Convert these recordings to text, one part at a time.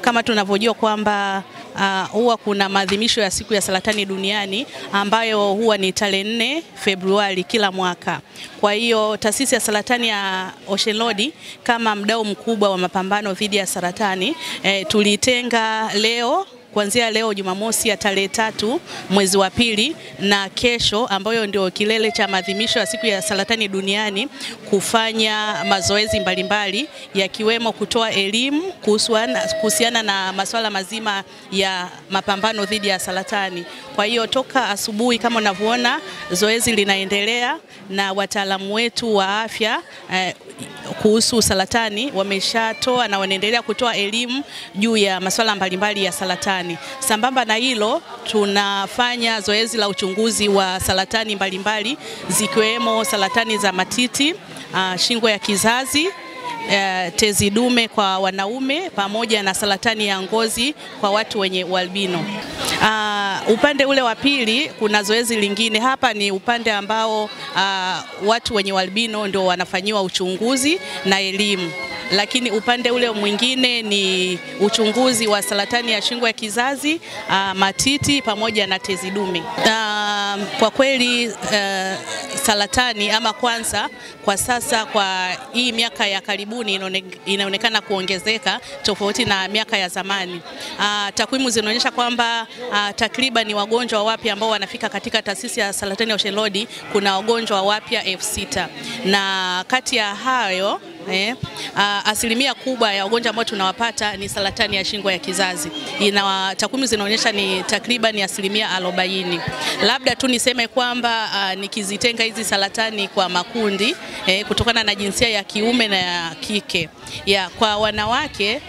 kama tunavyojua kwamba uh, huwa kuna maadhimisho ya siku ya saratani duniani ambayo huwa ni tarehe nne Februari kila mwaka. Kwa hiyo taasisi ya saratani ya Ocean Road kama mdau mkubwa wa mapambano dhidi ya saratani eh, tulitenga leo kuanzia leo Jumamosi ya tarehe tatu mwezi wa pili na kesho ambayo ndio kilele cha maadhimisho ya siku ya saratani duniani kufanya mazoezi mbalimbali yakiwemo kutoa elimu kuhusiana na masuala mazima ya mapambano dhidi ya saratani. Kwa hiyo toka asubuhi kama unavyoona zoezi linaendelea na wataalamu wetu wa afya eh, kuhusu saratani wameshatoa na wanaendelea kutoa elimu juu ya masuala mbalimbali ya saratani. Sambamba na hilo, tunafanya zoezi la uchunguzi wa saratani mbalimbali zikiwemo saratani za matiti, uh, shingo ya kizazi uh, tezi dume kwa wanaume pamoja na saratani ya ngozi kwa watu wenye ualbino. Uh, upande ule wa pili kuna zoezi lingine hapa, ni upande ambao uh, watu wenye albino ndio wanafanyiwa uchunguzi na elimu lakini upande ule mwingine ni uchunguzi wa saratani ya shingo ya kizazi, uh, matiti pamoja na tezi dume. Uh, kwa kweli uh, saratani ama kwanza, kwa sasa kwa hii miaka ya karibuni inaonekana kuongezeka tofauti na miaka ya zamani. Uh, takwimu zinaonyesha kwamba uh, takriban wagonjwa wapya ambao wanafika katika taasisi ya saratani ya Ocean Road kuna wagonjwa wapya elfu sita na kati ya hayo Eh, ah, asilimia kubwa ya wagonjwa ambao tunawapata ni saratani ya shingo ya kizazi. Ina takwimu zinaonyesha ni takriban asilimia arobaini. Labda tu niseme kwamba uh, nikizitenga hizi saratani kwa makundi eh, kutokana na jinsia ya kiume na ya kike ya kwa wanawake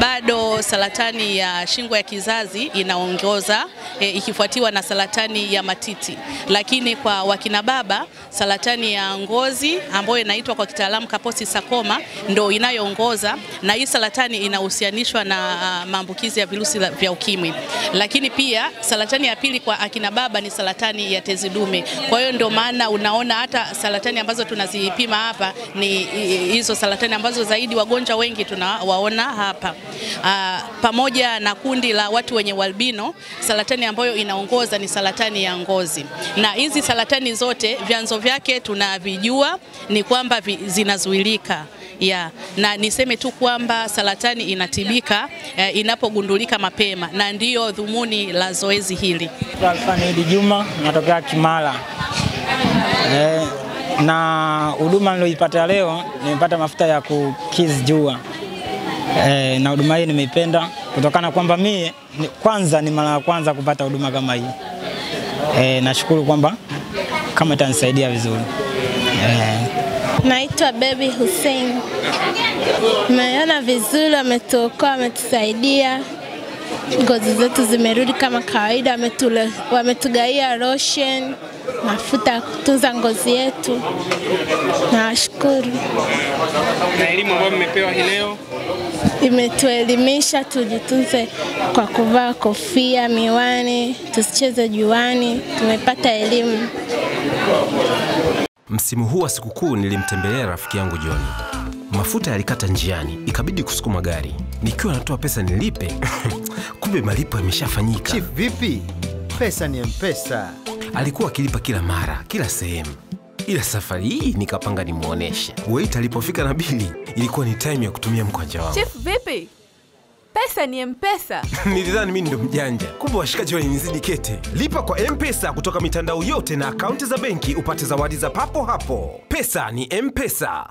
bado saratani ya shingo ya kizazi inaongoza e, ikifuatiwa na saratani ya matiti, lakini kwa wakina baba saratani ya ngozi ambayo inaitwa kwa kitaalamu Kaposi sakoma ndo inayoongoza, na hii saratani inahusianishwa na ah, maambukizi ya virusi vya ukimwi. Lakini pia saratani ya pili kwa akina baba ni saratani ya tezi dume. Kwa hiyo ndio maana unaona hata saratani ambazo tunazipima hapa ni hizo saratani ambazo zaidi wagonjwa wengi tunawaona hapa uh, pamoja na kundi la watu wenye ualbino. Saratani ambayo inaongoza ni saratani ya ngozi, na hizi saratani zote vyanzo vyake tunavijua, ni kwamba zinazuilika ya na niseme tu kwamba saratani inatibika eh, inapogundulika mapema, na ndiyo dhumuni la zoezi hili. Alfanidi Juma natokea Kimara. Eh, na huduma niloipata leo nimepata mafuta ya kukiz jua eh, na huduma hii nimeipenda kutokana kwamba mie kwanza ni mara ya kwanza kupata huduma kama hii eh, nashukuru kwamba kama itanisaidia vizuri eh. Naitwa Baby Hussein. Meona vizuri, wametuokoa, wametusaidia, ngozi zetu zimerudi kama kawaida, wametugaia lotion, mafuta ya kutunza ngozi yetu. Nawashukuru na elimu ambayo mmepewa hii leo imetuelimisha tujitunze kwa kuvaa kofia, miwani, tusicheze juani. Tumepata elimu. Msimu huu wa sikukuu nilimtembelea rafiki yangu Joni. Mafuta yalikata njiani, ikabidi kusukuma gari. Nikiwa natoa pesa nilipe, kumbe malipo yameshafanyika. Chief, vipi? Pesa ni mpesa. Alikuwa akilipa kila mara, kila sehemu ila safari hii nikapanga nimwoneshe. Wait alipofika na bili, ilikuwa ni time ya kutumia mkwanja wangu. Chef vipi? pesa ni mpesa nilidhani mimi ndo mjanja kumbe washikaji walinizidi kete lipa kwa mpesa kutoka mitandao yote na akaunti za benki upate zawadi za papo hapo pesa ni mpesa